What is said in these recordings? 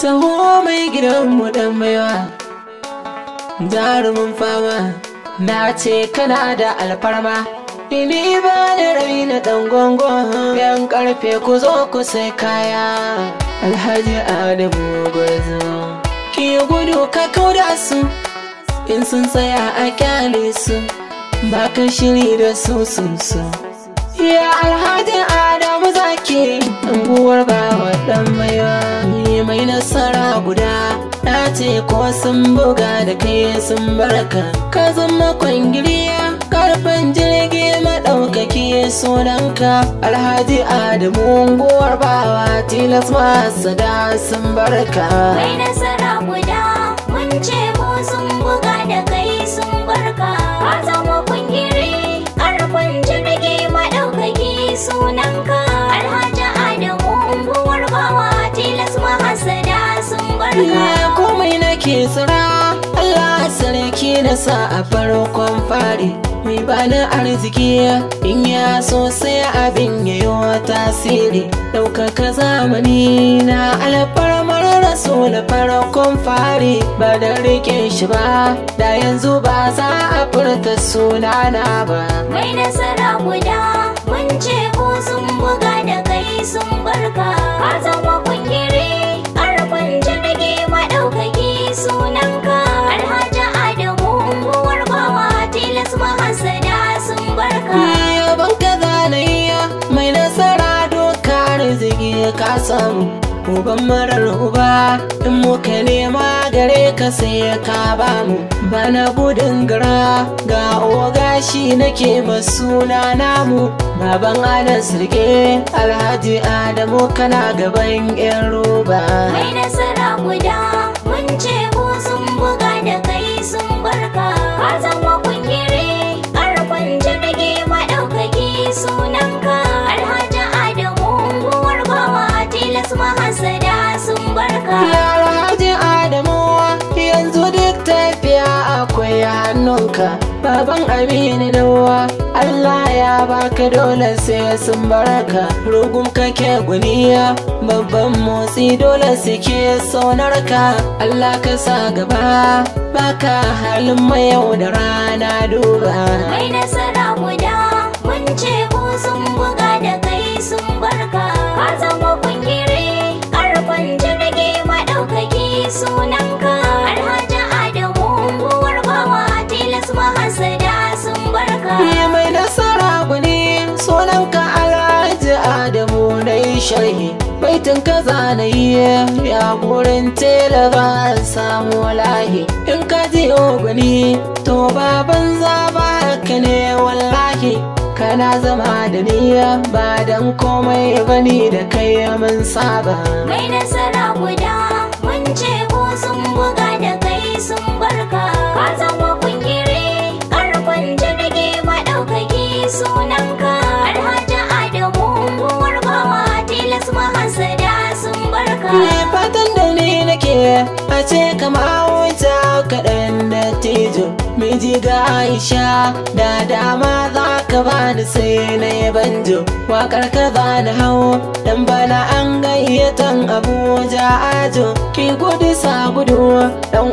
taho mai gidanmu dan maiwa jarumin fama na ce kana da alfarma Ni ba da rabi na dan gongo yan karfe ku zo ku sai kaya alhaji adamu gwarzo ki gudu ka kauda su in sun tsaya a kyale su ba ka shiri da su sun so ya alhaji adamu zaki unguwar bawa dan maiwa mai nasara guda na ce ko sun buga da kai sun barka ka zama kwangiriya karfin jirgi maɗaukaki sunanka alhaji adamu unguwar bawa tilas masu da sun barka mai nasara guda mun ce ko sun buga da kai sun barka ka zama kwangiri karfin jirgi maɗaukaki sunanka Allah komai nake tsira Allah sarki na sa a farkon fari mai bani arziki in ya so sai abin ya yi tasiri ɗaukaka zamani na alfarmar rasu na farkon fari ba da rike shi ba da yanzu ba za a furta na ba mai nasara guda mun ce ko sun buga da kai sun barka ka zama kungiyar ka samu uban marar uba in muka nema gare ka sai ka ba mu bana gudun gara ga oga shi nake masuna namu baban anan sirge alhaji adamu kana gaban yan roba mai nasara guda mun ce ko sun buga da kai sun barka ka hannunka baban aminu dawa Allah ya baka dole sai sun baraka rugun kake guniya babban motsi dole suke saunarka Allah ka sa gaba baka halin mayau da rana duba mai nasara guda mun ce ko sun buga in ka zana ya gurin tela ba samu lahi in ka ji ogani to baban za ba ka ne wallahi kana zama da niyya ba dan komai bane da kai mun saba mai nasara guda mun ce ko sun buga da kai sun barka ka zama kungire karfan jirgi madaukaki sunanka alhaji adamu uwar bawa tilas mahasa a ce kama wuta kaɗan da tejo miji ga aisha da dama za ka bani sai na yi banjo waƙar ka za na hau dan bana an gayyatan abuja ajo ki gudu sa gudu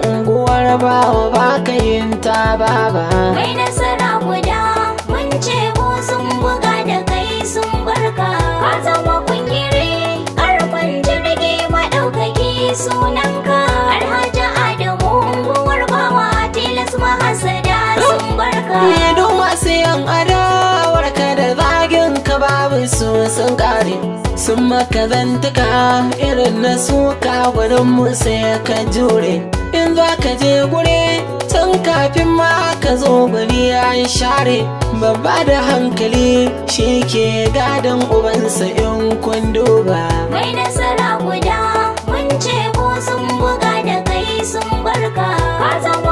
unguwar bawa ba ka yin ta baba mai nasara guda mun ce ko sun buga da kai sun barka ka zama kungire karfan jirgi maɗaukaki suna su sun kare sun maka zantuka irin na suka wurin mu sai ka jure in za ka je gure tun kafin ma ka zo guri an share babba da hankali shi ke gadon ubansa in kun duba mai nasara guda mun ce ko sun buga da kai sun barka ka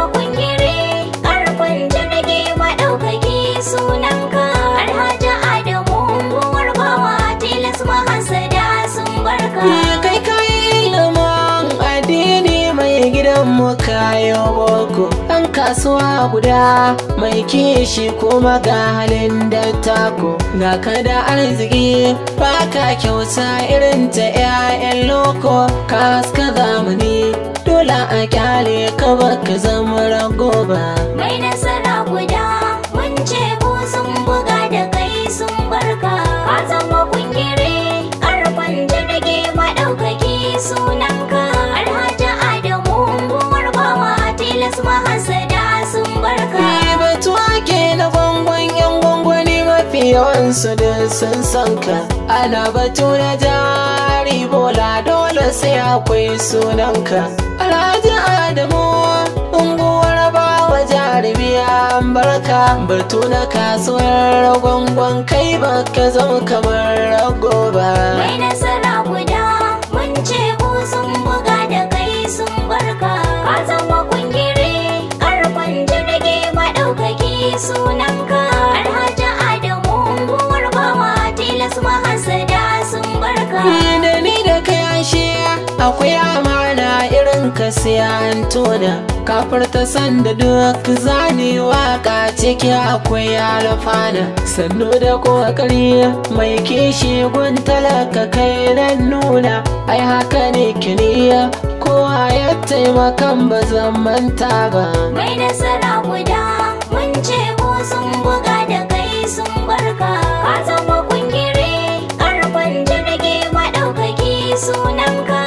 boko ɗan kasuwa guda mai kishi kuma ga halin dattako ga kada arziki ba ka kyauta irin ta 'ya'yan loko ka haska zamani dole a kyale ka zama rago mai nasara guda mun ce sun buga da kai sun barka ka zama kungire karfan jirage maɗaukaki sunanka yawansu da sun san ka ana batu na jari bola dole sai akwai sunanka alhaji adamu unguwar bawa jarumiya barka batu na kasuwar gwangwan kai baka zama kamar rago ba mai nasara guda mun ce ku sun buga da kai sun barka ya na irin ka siya tona kafar ta sanda duk zane waka ciki akwai alfana sannu da kokari mai kishi gun talaka kai nan nuna ai haka ne kiniya ko ya taimakan ba zan manta ba mai nasara guda mun ce ko sun buga da kai sun barka ka zama kungire karfan jirgi maɗaukaki sunanka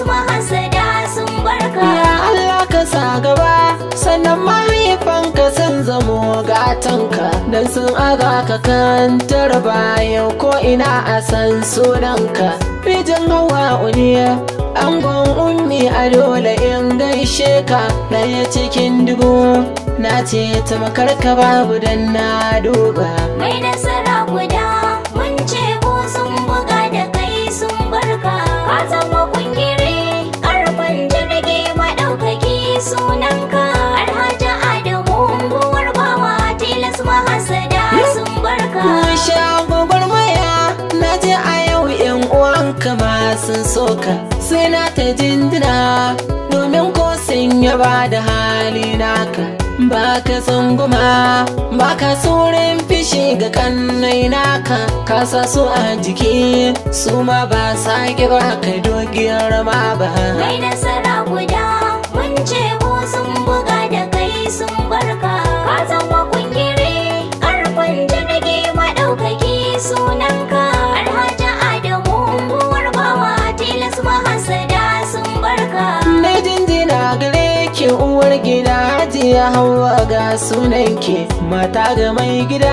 wasu mahasada sun barka Allah ka sa gaba sannan mahaifanka san zamo gatanka don sun aga ka kantar bayan ko ina a san sunanka bijin hawa uniya angon ummi a dole in gaishe ka ɗaya cikin dubu na ce ta makarka babu don na duba mai nasara guda sun soka sai na ta jindina domin ko sun ba da hali naka ba ka tsunguma ba ka tsorin fishi ga kannai naka ka sa su a jiki su ma ba sa ki ba ka dogiyar ma ba mai nasara guda mun ce ko sun buga da kai sun barka ka zama kungire karfan jirgi maɗaukaki sunanka hajiya hawa ga sunan ke mata ga mai gida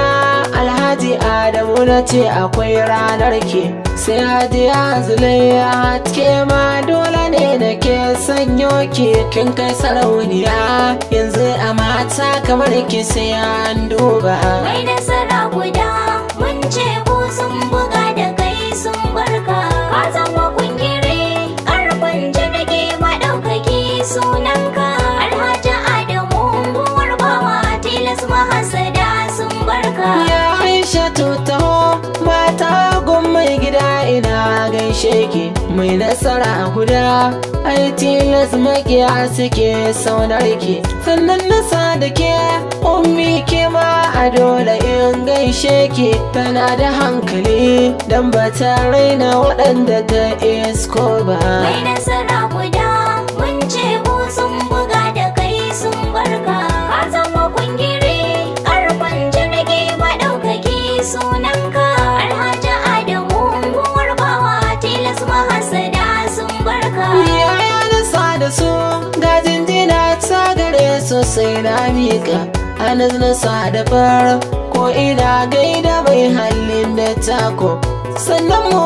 alhaji adamu nace akwai ranar ke sai hajiya zulaiya ke ma dole ne da ke sanyo ke kin kai sarauniya yanzu a mata kamar ki sai an duba wai sarauniya sheke mai nasara a guda ai tilas makiya suke saunar sannan nasa da ke ummi ke ma a dole in gaishe tana da hankali dan ba ta raina waɗanda ta isko ba mai nasara guda mun ce sun na nasa da fara ko ina gaida bai halin da tako sannan mu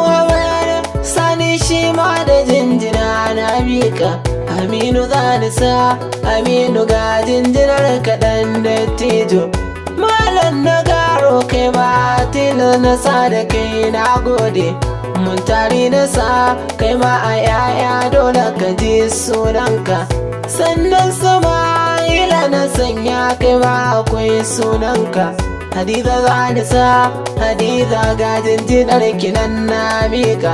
sani shi ma da jinjina na mika aminu za sa aminu ga jinjinar kaɗan da tijo malam na garo kai ba tilo na sa da kai na gode mun na sa kai ma a yaya dole ka ji sunanka sannan sama da na sanya kai ba akwai sunanka hadiza za ni sa hadiza ga jinjinar na mika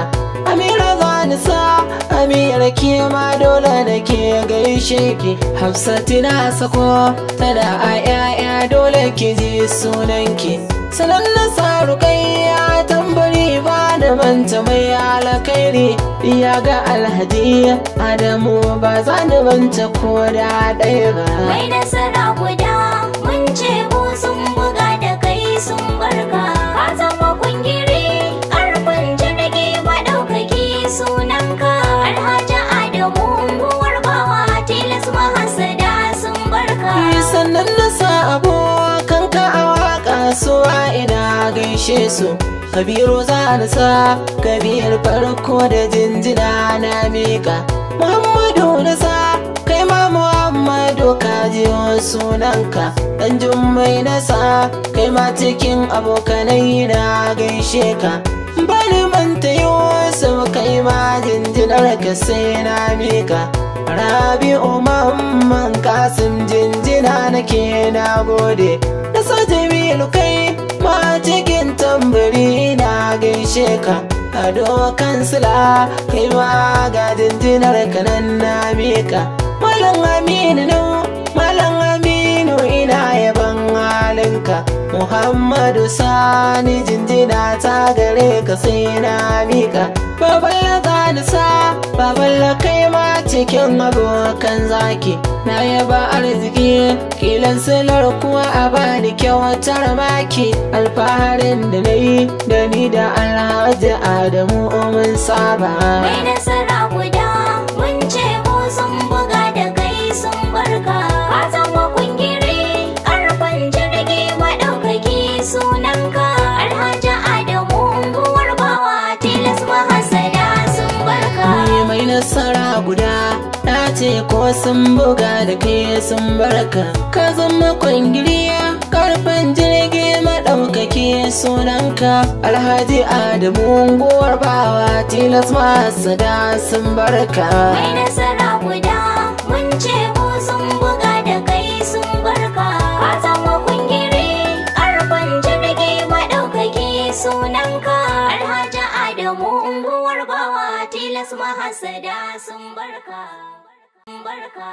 amira za ni sa amira ke ma dole na ke gaishe ki hafsati na sako tana a yaya dole ki ji sunanki sanan na sa rukayya tambari ba banta mai ne ya ga alhaji adamu ba za ni banta ko da ɗaya ba mai nasara guda mun ce mu sun buga da kai sun barka ka zama kungiri arban jirage maɗaukaki sunanka alhaji adamu buwar bawa tilas mahasada sun barka sannan na sa kanka a waƙa su ina gaishe su kabiru za sa kabir farko da jinjina na mika muhammadu na sa kai ma muhammadu ka jiyo sunanka dan jummai na sa kai ma cikin abokanai na gaishe ka bani manta yi sau kai ma jinjinar ka sai na mika rabi'u mamman kasim jinjina nake na gode da so jamilu kai ma cikin tambari na gaishe ka a ado kansila kai ma ga jinjinar ka nan na mika malam aminu no malam aminu ina yaban halinka muhammadu sani jinjina ta gare ka sai na mika baban la sa babal la kai cikin kan zaki na yaba arziki kilan silar kuwa a bani kyautar maki alfaharin da na yi da ni da alhaji adamu mun saba ko sun buga da kai sun barka ka zama kwangiriya karfin jirgi maɗaukaki sunanka alhaji adamu unguwar bawa tilas masu da sun barka mai nasara guda mun ce ko sun buga da kai sun barka ka zama kwangiri karfin jirgi maɗaukaki sunanka alhaji adamu unguwar bawa tilas mahasada sun barka Baraka.